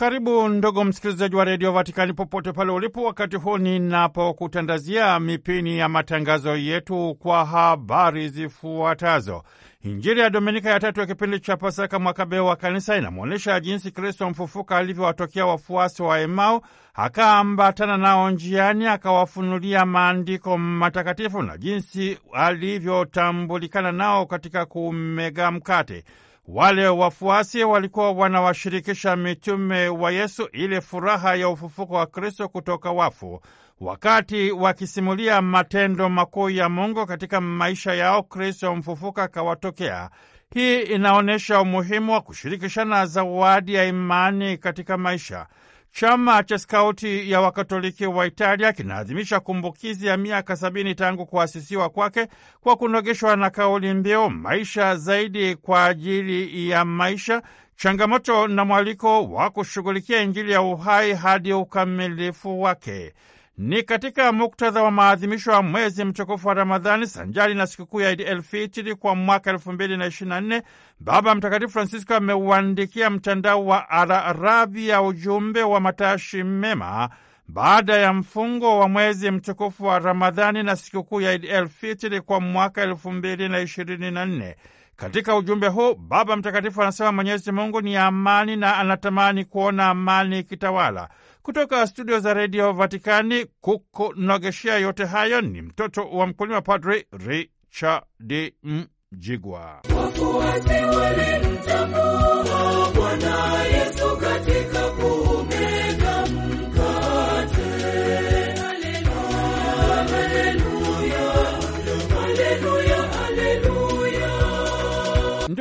Karibu ndugu msikilizaji wa redio Vatikani popote pale ulipo, wakati huu ninapokutandazia mipini ya matangazo yetu kwa habari zifuatazo. Injili ya Dominika ya tatu ya kipindi cha Pasaka mwaka B wa Kanisa inamwonyesha jinsi Kristo mfufuka alivyowatokea wafuasi wa Emau, akaambatana nao njiani, akawafunulia maandiko matakatifu na jinsi alivyotambulikana nao katika kumega mkate. Wale wafuasi walikuwa wanawashirikisha mitume wa Yesu ile furaha ya ufufuko wa Kristo kutoka wafu. Wakati wakisimulia matendo makuu ya Mungu katika maisha yao, Kristo mfufuka akawatokea. Hii inaonyesha umuhimu wa kushirikishana zawadi ya imani katika maisha. Chama cha skauti ya wakatoliki wa Italia kinaadhimisha kumbukizi ya miaka sabini tangu kuasisiwa kwake kwa kunogeshwa na kauli mbiu maisha zaidi kwa ajili ya maisha, changamoto na mwaliko wa kushughulikia Injili ya uhai hadi ukamilifu wake. Ni katika muktadha wa maadhimisho ya mwezi mtukufu wa Ramadhani sanjari na sikukuu ya Idi el kwa mwaka elfu mbili na ishirini na nne, Baba Mtakatifu Francisco ameuandikia mtandao wa ya ujumbe wa matashi mema baada ya mfungo wa mwezi mtukufu wa Ramadhani na sikukuu ya Idi el kwa mwaka elfu mbili na ishirini na nne. Katika ujumbe huu Baba Mtakatifu anasema Mwenyezi Mungu ni amani na anatamani kuona amani ikitawala. Kutoka studio za redio Vatikani kukunogeshea yote hayo ni mtoto wa mkulima, Padri Richard Mjigwa. Wafuasi walimtambua Bwana Yesu katika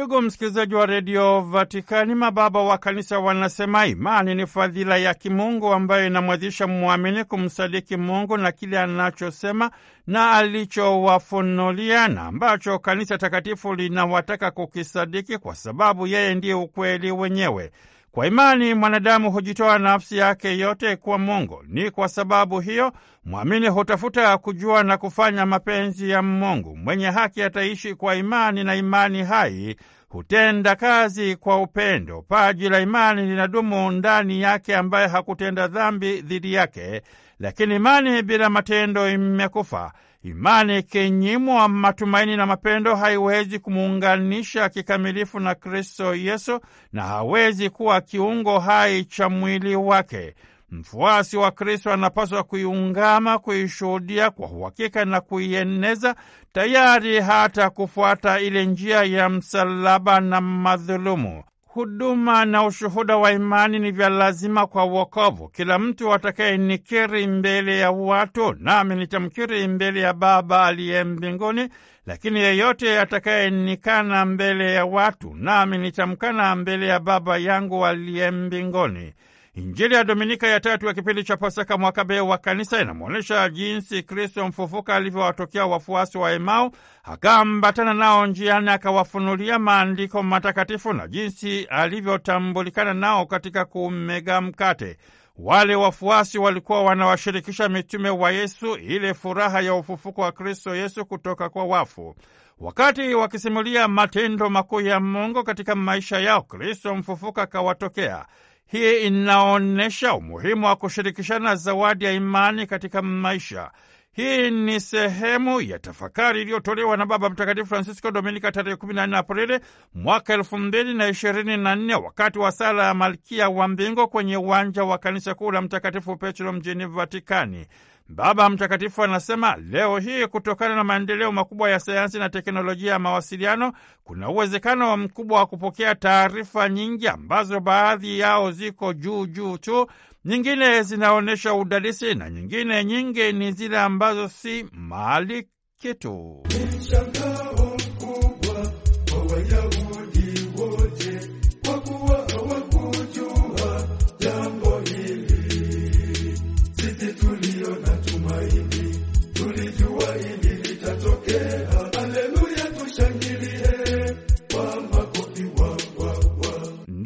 Ndugu msikilizaji wa redio Vatikani, mababa wa kanisa wanasema imani ni fadhila ya kimungu ambayo inamwezesha mwamini kumsadiki Mungu na kile anachosema na alichowafunulia na ambacho kanisa takatifu linawataka kukisadiki, kwa sababu yeye ndiye ukweli wenyewe. Kwa imani mwanadamu hujitoa nafsi yake yote kwa Mungu. Ni kwa sababu hiyo mwamini hutafuta kujua na kufanya mapenzi ya Mungu. Mwenye haki ataishi kwa imani, na imani hai hutenda kazi kwa upendo. Paji la imani linadumu ndani yake, ambaye hakutenda dhambi dhidi yake. Lakini imani bila matendo imekufa. Imani ikinyimwa matumaini na mapendo, haiwezi kumuunganisha kikamilifu na Kristo Yesu na hawezi kuwa kiungo hai cha mwili wake. Mfuasi wa Kristo anapaswa kuiungama, kuishuhudia kwa uhakika na kuieneza, tayari hata kufuata ile njia ya msalaba na madhulumu. Huduma na ushuhuda wa imani ni vya lazima kwa wokovu. Kila mtu atakayenikiri mbele ya watu, nami nitamkiri mbele ya Baba aliye mbinguni, lakini yeyote atakayenikana mbele ya watu, nami nitamkana mbele ya Baba yangu aliye mbinguni. Injili ya Dominika ya tatu ya kipindi cha Pasaka mwaka B wa kanisa inamwonyesha jinsi Kristo mfufuka alivyowatokea wafuasi wa Emau, akaambatana nao njiani, akawafunulia maandiko matakatifu na jinsi alivyotambulikana nao katika kumega mkate. Wale wafuasi walikuwa wanawashirikisha mitume wa Yesu ile furaha ya ufufuko wa Kristo Yesu kutoka kwa wafu. Wakati wakisimulia matendo makuu ya Mungu katika maisha yao, Kristo mfufuka akawatokea hii inaonyesha umuhimu wa kushirikishana zawadi ya imani katika maisha. Hii ni sehemu ya tafakari iliyotolewa na Baba Mtakatifu Francisco Dominika tarehe 14 Aprili mwaka 2024 wakati wa sala ya Malkia wa mbingo kwenye uwanja wa kanisa kuu la Mtakatifu Petro mjini Vatikani. Baba Mtakatifu anasema leo hii, kutokana na maendeleo makubwa ya sayansi na teknolojia ya mawasiliano, kuna uwezekano mkubwa wa kupokea taarifa nyingi ambazo baadhi yao ziko juu juu tu, nyingine zinaonyesha udadisi na nyingine nyingi ni zile ambazo si mali kitu.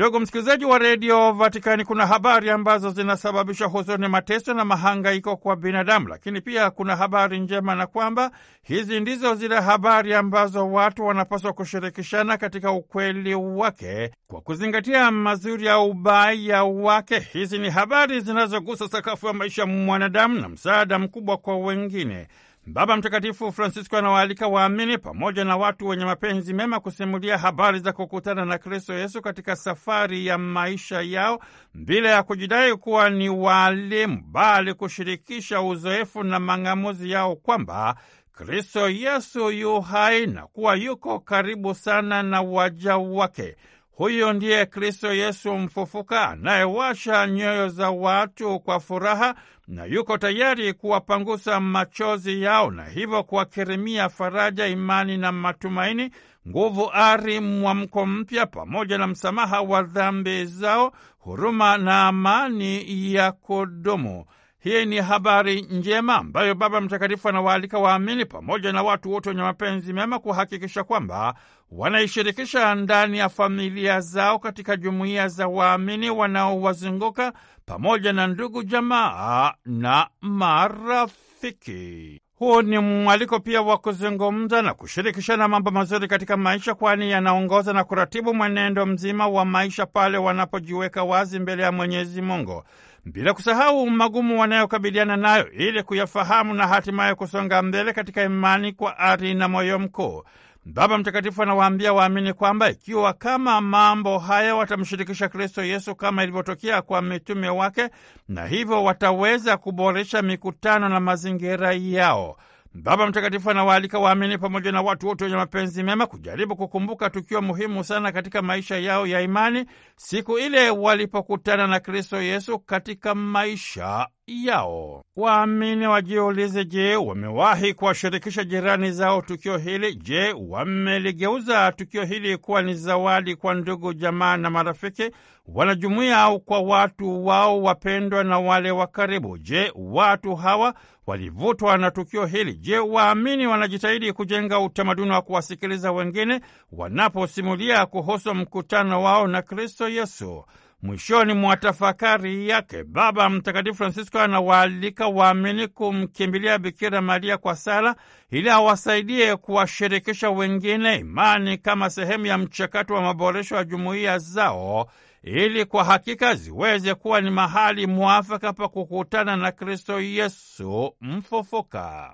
Ndugu msikilizaji wa redio Vatikani, kuna habari ambazo zinasababisha huzuni, mateso na mahangaiko kwa binadamu, lakini pia kuna habari njema, na kwamba hizi ndizo zile habari ambazo watu wanapaswa kushirikishana katika ukweli wake kwa kuzingatia mazuri ya ubaya wake. Hizi ni habari zinazogusa sakafu ya maisha mwanadamu na msaada mkubwa kwa wengine. Baba Mtakatifu Francisco anawaalika waamini pamoja na watu wenye mapenzi mema kusimulia habari za kukutana na Kristo Yesu katika safari ya maisha yao bila ya kujidai kuwa ni waalimu, bali kushirikisha uzoefu na mang'amuzi yao kwamba Kristo Yesu yu hai na kuwa yuko karibu sana na waja wake. Huyu ndiye Kristo Yesu mfufuka anayewasha nyoyo za watu kwa furaha na yuko tayari kuwapangusa machozi yao na hivyo kuwakirimia faraja, imani na matumaini, nguvu, ari, mwamko mpya pamoja na msamaha wa dhambi zao, huruma na amani ya kudumu. Hii ni habari njema ambayo Baba Mtakatifu anawaalika waamini pamoja na watu wote wenye mapenzi mema kuhakikisha kwamba wanaishirikisha ndani ya familia zao, katika jumuiya za waamini wanaowazunguka pamoja na ndugu, jamaa na marafiki. Huu ni mwaliko pia wa kuzungumza na kushirikishana mambo mazuri katika maisha, kwani yanaongoza na kuratibu mwenendo mzima wa maisha pale wanapojiweka wazi mbele ya Mwenyezi Mungu bila kusahau magumu wanayokabiliana nayo ili kuyafahamu na hatimaye kusonga mbele katika imani kwa ari na moyo mkuu. Baba Mtakatifu anawaambia waamini kwamba ikiwa kama mambo haya watamshirikisha Kristo Yesu kama ilivyotokea kwa mitume wake, na hivyo wataweza kuboresha mikutano na mazingira yao. Baba Mtakatifu anawaalika waamini pamoja na watu wote wenye mapenzi mema kujaribu kukumbuka tukio muhimu sana katika maisha yao ya imani, siku ile walipokutana na Kristo Yesu katika maisha yao. Waamini wajiulize, je, wamewahi kuwashirikisha jirani zao tukio hili? Je, wameligeuza tukio hili kuwa ni zawadi kwa ndugu, jamaa na marafiki, wanajumuiya, au kwa watu wao wapendwa na wale wa karibu? Je, watu hawa walivutwa na tukio hili? Je, waamini wanajitahidi kujenga utamaduni wa kuwasikiliza wengine wanaposimulia kuhusu mkutano wao na Kristo Yesu? Mwishoni mwa tafakari yake, Baba Mtakatifu Francisco anawaalika waamini kumkimbilia Bikira Maria kwa sala ili awasaidie kuwashirikisha wengine imani kama sehemu ya mchakato wa maboresho ya jumuiya zao ili kwa hakika ziweze kuwa ni mahali mwafaka pa kukutana na Kristo Yesu mfufuka.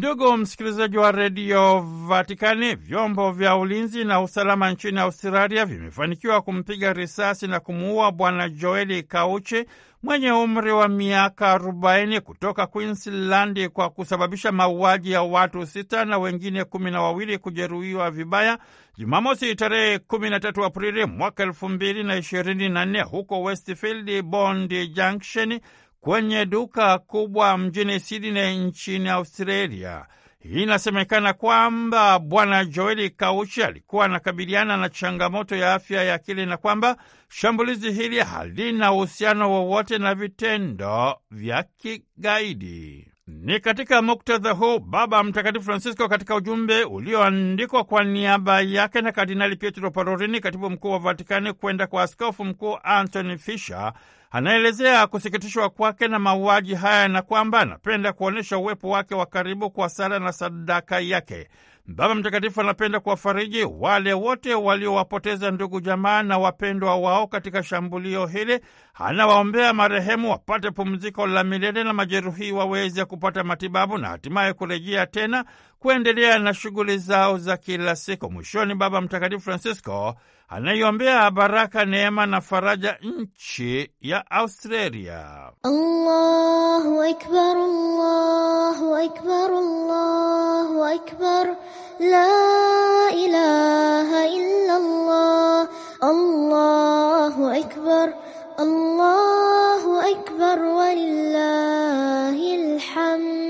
Ndugu msikilizaji wa redio Vatikani, vyombo vya ulinzi na usalama nchini Australia vimefanikiwa kumpiga risasi na kumuua bwana Joeli Kauchi mwenye umri wa miaka 40 kutoka Queensland kwa kusababisha mauaji ya watu sita na wengine kumi na wawili kujeruhiwa vibaya Jumamosi tarehe 13 Aprili mwaka 2024 huko Westfield Bondi Junction kwenye duka kubwa mjini Sydney nchini Australia. Inasemekana kwamba Bwana Joeli Kauchi alikuwa anakabiliana na changamoto ya afya ya akili na kwamba shambulizi hili halina uhusiano wowote na vitendo vya kigaidi. Ni katika muktadha huu Baba Mtakatifu Francisco katika ujumbe ulioandikwa kwa niaba yake na Kardinali Pietro Parolin, katibu mkuu wa Vatikani, kwenda kwa askofu mkuu Anthony Fisher Anaelezea kusikitishwa kwake na mauaji haya na kwamba anapenda kuonyesha uwepo wake wa karibu kwa sala na sadaka yake. Baba Mtakatifu anapenda kuwafariji wale wote waliowapoteza ndugu, jamaa na wapendwa wao katika shambulio hili. Anawaombea marehemu wapate pumziko la milele na majeruhi waweze kupata matibabu na hatimaye kurejea tena kuendelea na shughuli zao za kila siku. Mwishoni, Baba Mtakatifu Francisco anaiombea baraka, neema na faraja nchi ya Australia. Allahu akbar, Allahu akbar, Allahu akbar, la ilaha illa Allah, Allahu akbar, Allahu akbar, walillahil hamd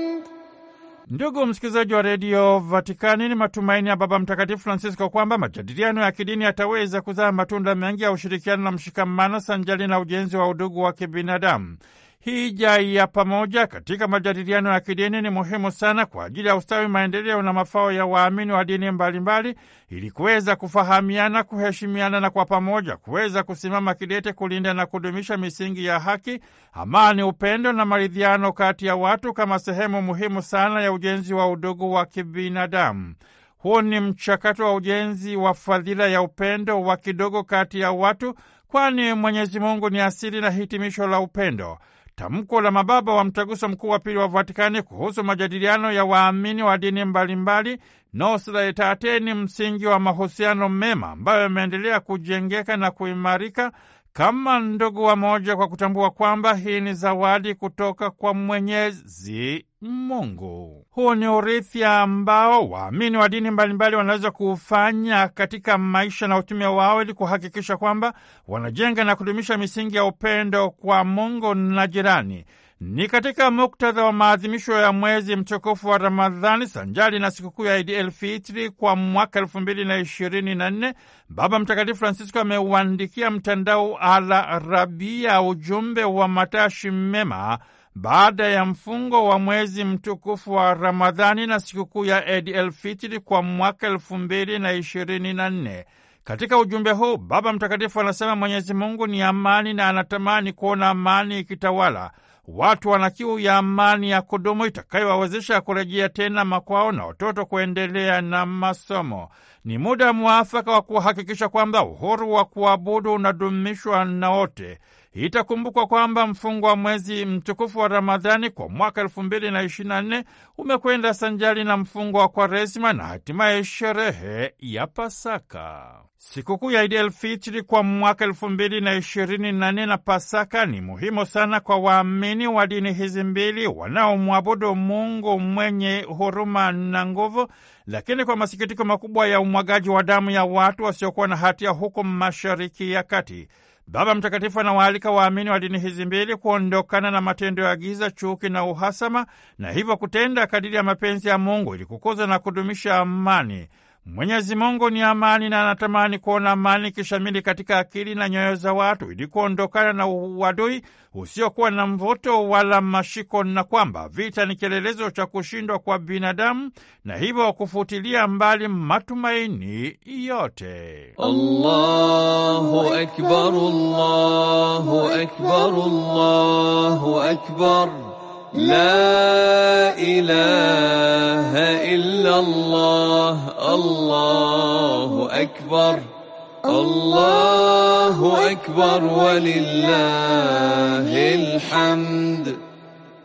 Ndugu msikilizaji wa redio Vatikani, ni matumaini ya Baba Mtakatifu Francisco kwamba majadiliano ya kidini yataweza kuzaa matunda mengi ya ushirikiano na mshikamano sanjali na ujenzi wa udugu wa kibinadamu. Hija ya pamoja katika majadiliano ya kidini ni muhimu sana kwa ajili ya ustawi, maendeleo na mafao ya waamini wa dini mbalimbali, ili kuweza kufahamiana, kuheshimiana na kwa pamoja kuweza kusimama kidete kulinda na kudumisha misingi ya haki, amani, upendo na maridhiano kati ya watu kama sehemu muhimu sana ya ujenzi wa udugu wa kibinadamu. Huu ni mchakato wa ujenzi wa fadhila ya upendo wa kidogo kati ya watu, kwani Mwenyezi Mungu ni asili na hitimisho la upendo. Tamko la mababa wa mtaguso mkuu wa pili wa Vatikani kuhusu majadiliano ya waamini wa dini mbalimbali, Nostra Aetate, ni msingi wa mahusiano mema ambayo yameendelea kujengeka na kuimarika kama ndugu wa moja, kwa kutambua kwamba hii ni zawadi kutoka kwa Mwenyezi Mungu. Huu ni urithi ambao waamini wa dini mbalimbali wanaweza kuufanya katika maisha na utume wao ili kuhakikisha kwamba wanajenga na kudumisha misingi ya upendo kwa Mungu na jirani. Ni katika muktadha wa maadhimisho ya mwezi mtukufu wa Ramadhani sanjali na sikukuu ya Idi Elfitri kwa mwaka elfu mbili na ishirini na nne, Baba Mtakatifu Francisco ameuandikia mtandao Ala Rabia ujumbe wa matashi mema baada ya mfungo wa mwezi mtukufu wa Ramadhani na sikukuu ya ed el Fitri kwa mwaka elfu mbili na ishirini na nne. Katika ujumbe huu Baba Mtakatifu anasema Mwenyezi Mungu ni amani na anatamani kuona amani ikitawala. Watu wana kiu ya amani ya kudumu itakayowawezesha kurejea tena makwao na watoto kuendelea na masomo. Ni muda mwafaka wa kuhakikisha kwamba uhuru wa kuabudu unadumishwa na wote. Itakumbukwa kwamba mfungo wa mwezi mtukufu wa Ramadhani kwa mwaka elfu mbili na ishirini na nne umekwenda sanjari na mfungo wa Kwaresima na hatimaye sherehe ya Pasaka. Sikukuu ya Idi el Fitri kwa mwaka elfu mbili na ishirini na nne na Pasaka ni muhimu sana kwa waamini wa dini hizi mbili wanaomwabudu Mungu mwenye huruma na nguvu, lakini kwa masikitiko makubwa ya umwagaji wa damu ya watu wasiokuwa na hatia huko Mashariki ya Kati. Baba Mtakatifu anawaalika waamini wa dini hizi mbili kuondokana na matendo ya giza, chuki na uhasama, na hivyo kutenda kadiri ya mapenzi ya Mungu ili kukuza na kudumisha amani. Mwenyezi Mungu ni amani na anatamani kuona amani kishamili katika akili na nyoyo za watu ili kuondokana na uadui usiokuwa na mvuto wala mashiko, na kwamba vita ni kielelezo cha kushindwa kwa binadamu na hivyo kufutilia mbali matumaini yote. Allahu Akbar, Allahu Akbar, Allahu Akbar. لا إله إلا الله الله أكبر الله أكبر ولله الحمد.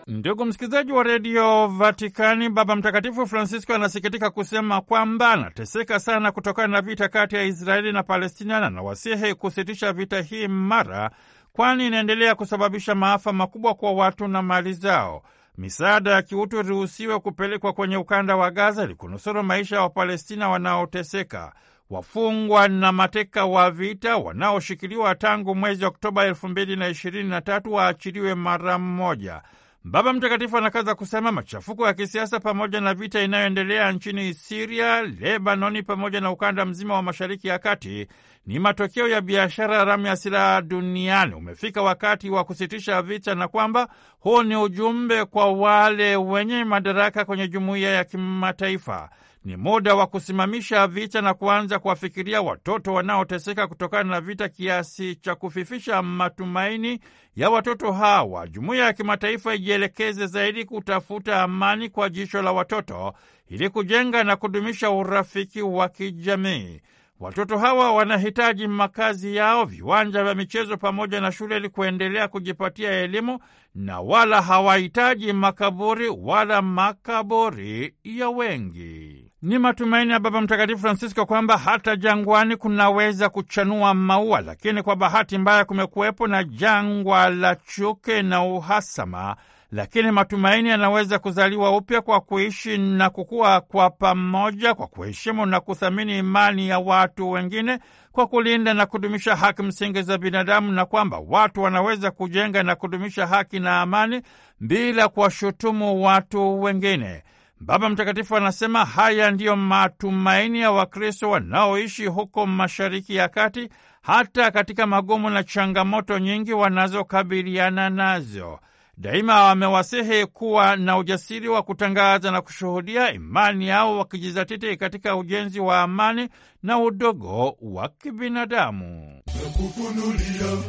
Ndugu msikilizaji wa redio Vatikani, Baba Mtakatifu Francisco anasikitika kusema kwamba anateseka sana kutokana na vita kati ya Israeli na Palestina na anawasihi kusitisha vita hii mara kwani inaendelea kusababisha maafa makubwa kwa watu na mali zao. Misaada ya kiutu iruhusiwe kupelekwa kwenye ukanda wa Gaza ili kunusuru maisha ya Wapalestina wanaoteseka, wafungwa na mateka wa vita wanaoshikiliwa tangu mwezi Oktoba 223 waachiliwe mara mmoja Baba Mtakatifu anakaza kusema machafuko ya kisiasa pamoja na vita inayoendelea nchini Siria, Lebanoni pamoja na ukanda mzima wa Mashariki ya Kati ni matokeo ya biashara haramu ya silaha duniani. Umefika wakati wa kusitisha vita, na kwamba huu ni ujumbe kwa wale wenye madaraka kwenye jumuiya ya kimataifa. Ni muda wa kusimamisha vita na kuanza kuwafikiria watoto wanaoteseka kutokana na vita kiasi cha kufifisha matumaini ya watoto hawa. Jumuiya ya kimataifa ijielekeze zaidi kutafuta amani kwa jicho la watoto ili kujenga na kudumisha urafiki wa kijamii. Watoto hawa wanahitaji makazi yao, viwanja vya michezo pamoja na shule ili kuendelea kujipatia elimu na wala hawahitaji makaburi wala makaburi ya wengi. Ni matumaini ya Baba Mtakatifu Francisco kwamba hata jangwani kunaweza kuchanua maua, lakini kwa bahati mbaya kumekuwepo na jangwa la chuki na uhasama, lakini matumaini yanaweza kuzaliwa upya kwa kuishi na kukua kwa pamoja, kwa kuheshimu na kuthamini imani ya watu wengine, kwa kulinda na kudumisha haki msingi za binadamu, na kwamba watu wanaweza kujenga na kudumisha haki na amani bila kuwashutumu watu wengine. Baba Mtakatifu anasema haya ndiyo matumaini ya Wakristo wanaoishi huko Mashariki ya Kati, hata katika magumu na changamoto nyingi wanazokabiliana nazo. Daima wamewasihi kuwa na ujasiri wa kutangaza na kushuhudia imani yao, wakijizatiti katika ujenzi wa amani na udogo wa kibinadamu. Nakufunulia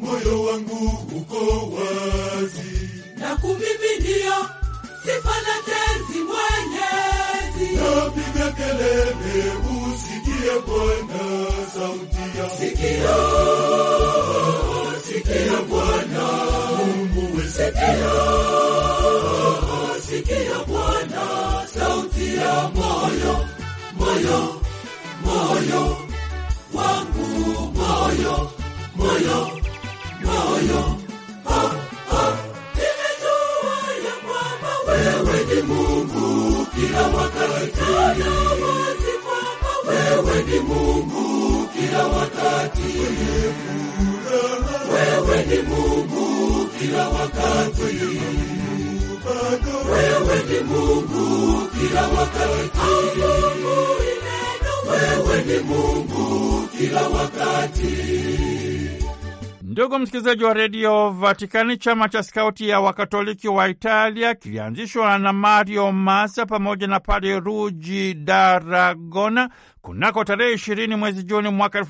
moyo wangu uko wazi, sifa na tenzi Mwenyezi. Napiga kelele usikie Bwana sauti ya sikio, sikio Bwana Mungu we moyo, moyo wangu moyo Wewe ni Mungu kila wakati, wewe ni Mungu kila wakati, wewe ni Mungu kila wakati, wewe ni Mungu kila wakati. Ndugu msikilizaji wa redio Vatikani, chama cha skauti ya wakatoliki wa Italia kilianzishwa na Mario masa pamoja na pade Ruji Daragona kunako tarehe ishirini mwezi Juni mwaka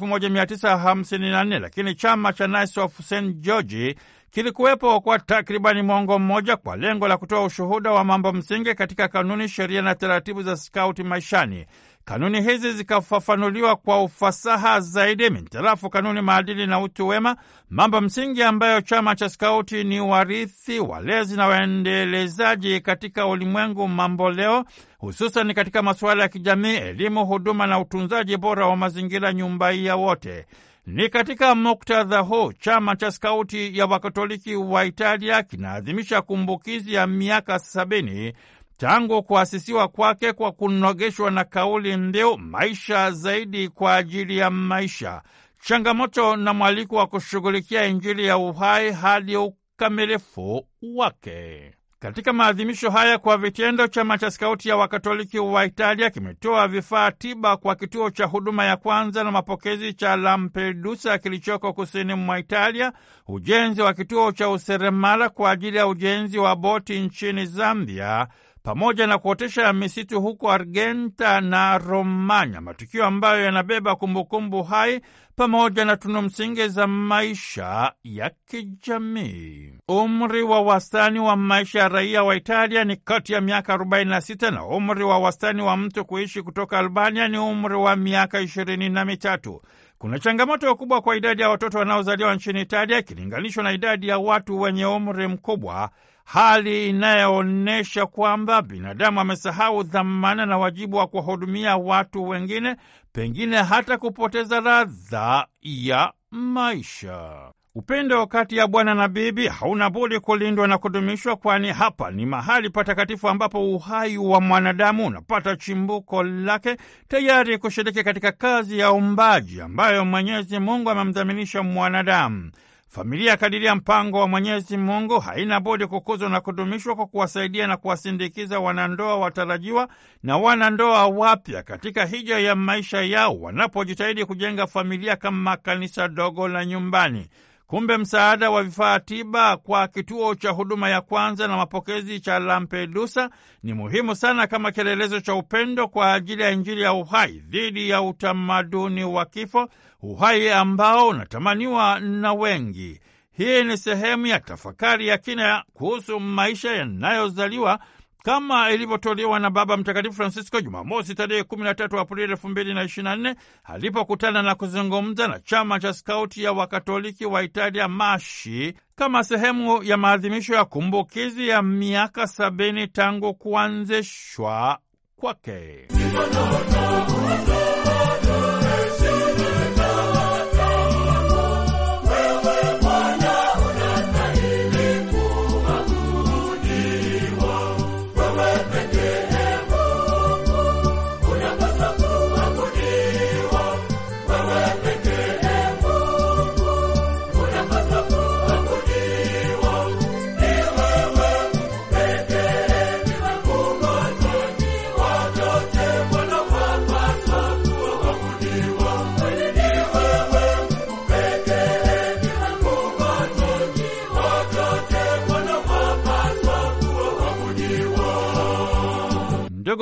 nne, lakini chama cha Knights of St George kilikuwepo kwa takribani mwongo mmoja kwa lengo la kutoa ushuhuda wa mambo msingi katika kanuni, sheria na taratibu za skauti maishani. Kanuni hizi zikafafanuliwa kwa ufasaha zaidi mintarafu kanuni, maadili na utu wema, mambo msingi ambayo chama cha skauti ni warithi, walezi na waendelezaji katika ulimwengu mamboleo, hususan katika masuala ya kijamii, elimu, huduma na utunzaji bora wa mazingira, nyumba ya wote. Ni katika muktadha huu chama cha skauti ya Wakatoliki wa Italia kinaadhimisha kumbukizi ya miaka sabini tangu kuasisiwa kwake kwa kunogeshwa na kauli mbiu maisha zaidi kwa ajili ya maisha, changamoto na mwaliko wa kushughulikia Injili ya uhai hadi ukamilifu wake. Katika maadhimisho haya kwa vitendo, chama cha skauti ya wakatoliki wa Italia kimetoa vifaa tiba kwa kituo cha huduma ya kwanza na mapokezi cha Lampedusa kilichoko kusini mwa Italia, ujenzi wa kituo cha useremala kwa ajili ya ujenzi wa boti nchini Zambia pamoja na kuotesha misitu huko Argenta na Romanya, matukio ambayo yanabeba kumbukumbu hai pamoja na tunu msingi za maisha ya kijamii. Umri wa wastani wa maisha ya raia wa Italia ni kati ya miaka 46 na umri wa wastani wa mtu kuishi kutoka Albania ni umri wa miaka ishirini na mitatu. Kuna changamoto kubwa kwa idadi ya watoto wanaozaliwa nchini Italia ikilinganishwa na idadi ya watu wenye umri mkubwa hali inayoonyesha kwamba binadamu amesahau dhamana na wajibu wa kuwahudumia watu wengine, pengine hata kupoteza radha ya maisha. Upendo kati ya bwana na bibi hauna budi kulindwa na kudumishwa, kwani hapa ni mahali patakatifu ambapo uhai wa mwanadamu unapata chimbuko lake, tayari kushiriki katika kazi ya umbaji ambayo Mwenyezi Mungu amemdhaminisha mwanadamu. Familia kadiria mpango wa Mwenyezi Mungu haina budi kukuzwa na kudumishwa kwa kuwasaidia na kuwasindikiza wanandoa watarajiwa na wanandoa wapya katika hija ya maisha yao wanapojitahidi kujenga familia kama kanisa dogo la nyumbani. Kumbe msaada wa vifaa tiba kwa kituo cha huduma ya kwanza na mapokezi cha Lampedusa ni muhimu sana kama kielelezo cha upendo kwa ajili ya Injili ya uhai dhidi ya utamaduni wa kifo, uhai ambao unatamaniwa na wengi. Hii ni sehemu ya tafakari ya kina kuhusu maisha yanayozaliwa kama ilivyotolewa na Baba Mtakatifu Francisco Jumamosi tarehe 13 Aprili 2024 alipokutana na kuzungumza na chama cha skauti ya wakatoliki wa Italia Mashi kama sehemu ya maadhimisho ya kumbukizi ya miaka sabini tangu kuanzishwa kwake.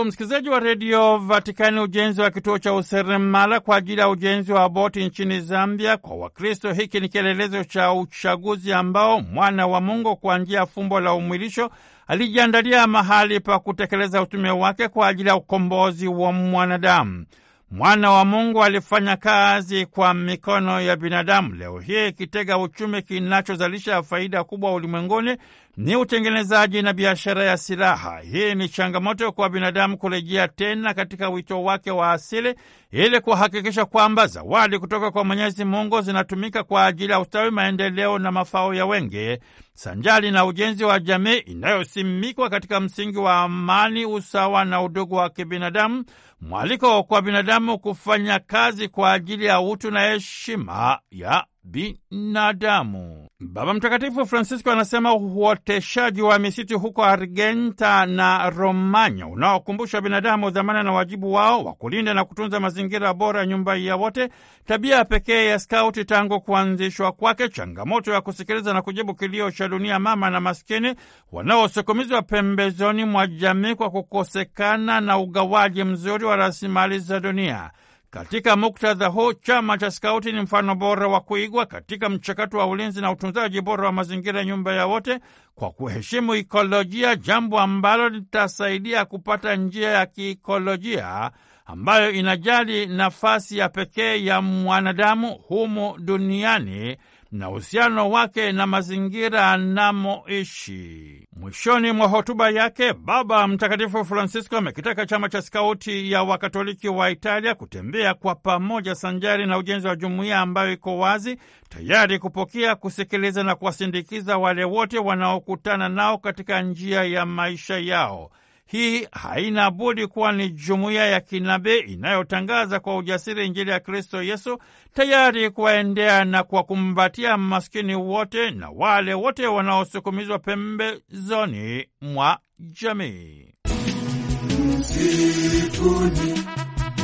msikilizaji wa redio Vatikani, ujenzi wa kituo cha useremala kwa ajili ya ujenzi wa boti nchini Zambia kwa Wakristo, hiki ni kielelezo cha uchaguzi ambao mwana wa Mungu kwa njia ya fumbo la umwilisho alijiandalia mahali pa kutekeleza utume wake kwa ajili ya ukombozi wa mwanadamu mwana wa Mungu alifanya kazi kwa mikono ya binadamu. Leo hii kitega uchumi kinachozalisha faida kubwa ulimwenguni ni utengenezaji na biashara ya silaha. Hii ni changamoto kwa binadamu kurejea tena katika wito wake wa asili, ili kuhakikisha kwamba zawadi kutoka kwa Mwenyezi Mungu zinatumika kwa ajili ya ustawi, maendeleo na mafao ya wengi, sanjali na ujenzi wa jamii inayosimikwa katika msingi wa amani, usawa na udugu wa kibinadamu mwaliko kwa binadamu kufanya kazi kwa ajili ya utu na heshima ya binadamu. Baba Mtakatifu Francisco anasema uoteshaji wa misitu huko Argenta na Romanya unaokumbusha binadamu dhamana na wajibu wao wa kulinda na kutunza mazingira bora, nyumba ya wote, tabia pekee ya skauti tangu kuanzishwa kwake, changamoto ya kusikiliza na kujibu kilio cha dunia mama na maskini wanaosukumizwa pembezoni mwa jamii kwa kukosekana na ugawaji mzuri wa rasilimali za dunia. Katika muktadha huu, chama cha skauti ni mfano bora wa kuigwa katika mchakato wa ulinzi na utunzaji bora wa mazingira, nyumba ya wote, kwa kuheshimu ikolojia, jambo ambalo litasaidia kupata njia ya kiikolojia ambayo inajali nafasi ya pekee ya mwanadamu humu duniani na uhusiano wake na mazingira anamoishi. Mwishoni mwa hotuba yake, Baba Mtakatifu Francisco amekitaka chama cha skauti ya Wakatoliki wa Italia kutembea kwa pamoja sanjari na ujenzi wa jumuiya ambayo iko wazi, tayari kupokea, kusikiliza na kuwasindikiza wale wote wanaokutana nao katika njia ya maisha yao. Hii haina budi kuwa ni jumuiya ya kinabii inayotangaza kwa ujasiri Injili ya Kristo Yesu, tayari kuwaendea na kuwakumbatia maskini wote na wale wote wanaosukumizwa pembezoni mwa jamii.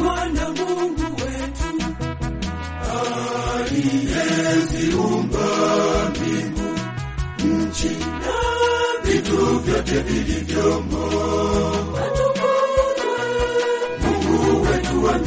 Bwana Mungu wetu aliyeziumba vyote vilivyomo, Mungu wetu wa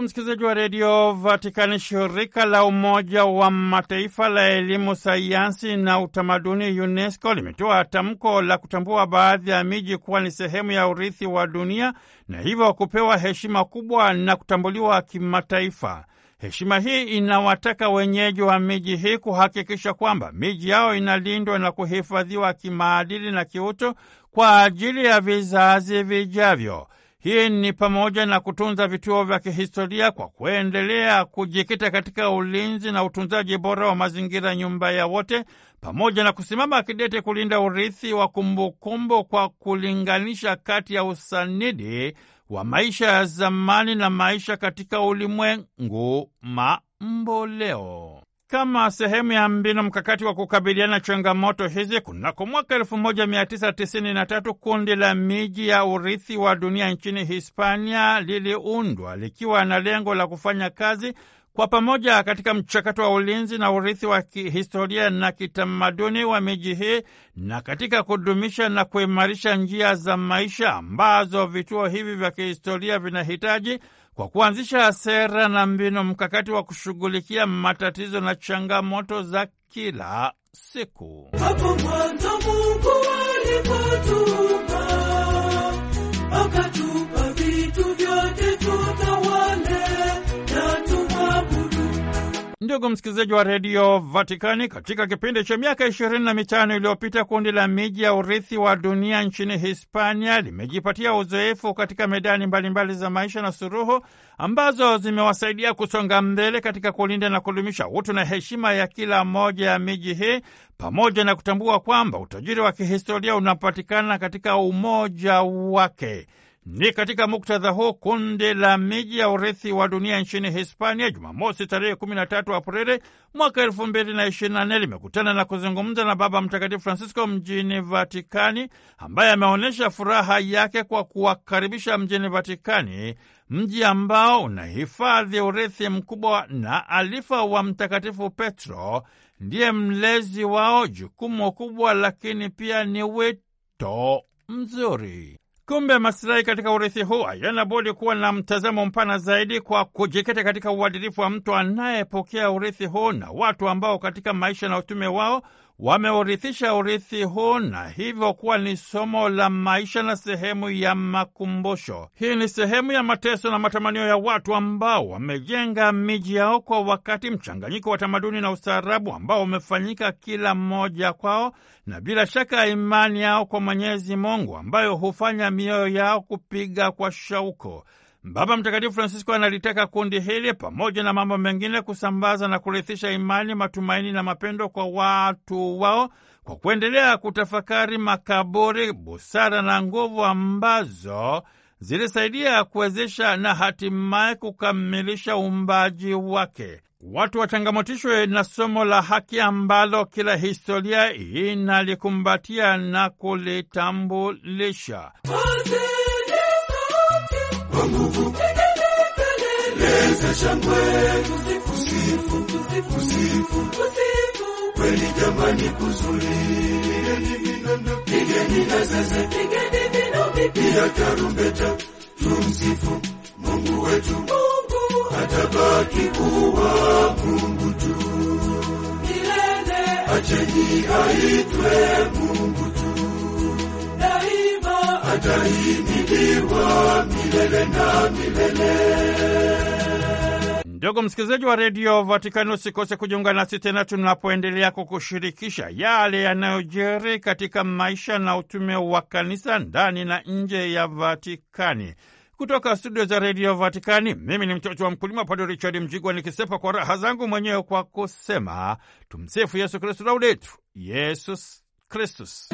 ndugu msikilizaji wa redio Vatikani, shirika la Umoja wa Mataifa la elimu, sayansi na utamaduni UNESCO limetoa tamko la kutambua baadhi ya miji kuwa ni sehemu ya urithi wa dunia na hivyo kupewa heshima kubwa na kutambuliwa kimataifa. Heshima hii inawataka wenyeji wa miji hii kuhakikisha kwamba miji yao inalindwa na kuhifadhiwa kimaadili na kiuto kwa ajili ya vizazi vijavyo. Hii ni pamoja na kutunza vituo vya kihistoria kwa kuendelea kujikita katika ulinzi na utunzaji bora wa mazingira, nyumba ya wote, pamoja na kusimama kidete kulinda urithi wa kumbukumbu kwa kulinganisha kati ya usanidi wa maisha ya zamani na maisha katika ulimwengu mamboleo kama sehemu ya mbinu mkakati wa kukabiliana changamoto hizi, kunako mwaka 1993 kundi la miji ya urithi wa dunia nchini Hispania liliundwa likiwa na lengo la kufanya kazi kwa pamoja katika mchakato wa ulinzi na urithi wa kihistoria na kitamaduni wa miji hii na katika kudumisha na kuimarisha njia za maisha ambazo vituo hivi vya kihistoria vinahitaji kwa kuanzisha sera na mbinu mkakati wa kushughulikia matatizo na changamoto za kila siku. Hapo mwanzo Mungu akatu Ndugu msikilizaji wa redio Vatikani, katika kipindi cha miaka ishirini na mitano iliyopita kundi la miji ya urithi wa dunia nchini Hispania limejipatia uzoefu katika medani mbalimbali za maisha na suruhu ambazo zimewasaidia kusonga mbele katika kulinda na kudumisha utu na heshima ya kila moja ya miji hii pamoja na kutambua kwamba utajiri wa kihistoria unapatikana katika umoja wake. Ni katika muktadha huo kundi la miji ya urithi wa dunia nchini Hispania Jumamosi tarehe 13 Aprili mwaka 2024 limekutana na kuzungumza na Baba Mtakatifu Francisco mjini Vatikani, ambaye ameonyesha furaha yake kwa kuwakaribisha mjini Vatikani, mji ambao unahifadhi urithi mkubwa na alifa wa Mtakatifu Petro ndiye mlezi wao, jukumu kubwa lakini pia ni wito mzuri. Kumbe masilahi katika urithi huu hayana budi kuwa na mtazamo mpana zaidi kwa kujikita katika uadilifu wa mtu anayepokea urithi huu na watu ambao katika maisha na utume wao wameurithisha urithi huu na hivyo kuwa ni somo la maisha na sehemu ya makumbusho. Hii ni sehemu ya mateso na matamanio ya watu ambao wamejenga miji yao kwa wakati, mchanganyiko wa tamaduni na ustaarabu ambao umefanyika kila mmoja kwao, na bila shaka imani yao kwa Mwenyezi Mungu ambayo hufanya mioyo yao kupiga kwa shauko. Baba Mtakatifu Francisco analitaka kundi hili pamoja na mambo mengine kusambaza na kurithisha imani, matumaini na mapendo kwa watu wao kwa kuendelea kutafakari makaburi, busara na nguvu ambazo zilisaidia kuwezesha na hatimaye kukamilisha uumbaji wake. Watu wachangamotishwe na somo la haki ambalo kila historia inalikumbatia na kulitambulisha Mose! nguvu leze shangwe tusifu tusifu kweli jamani kuzuri pigeni na zeze pia tarumbeta tumsifu Mungu wetu Mungu atabaki kuwa Mungu tu milele acheni aitwe Mungu tu daima ataimi ndogo milele na milele. Ndugu msikilizaji wa redio Vatikani, usikose kujiunga nasi tena tunapoendelea kukushirikisha yale yanayojiri katika maisha na utume wa kanisa ndani na nje ya Vatikani. Kutoka studio za redio Vatikani, mimi ni mtoto wa mkulima Padre Richard Mjigwa, nikisepa kwa raha zangu mwenyewe kwa kusema tumsifu Yesu Kristu, laudetu Yesus Kristus.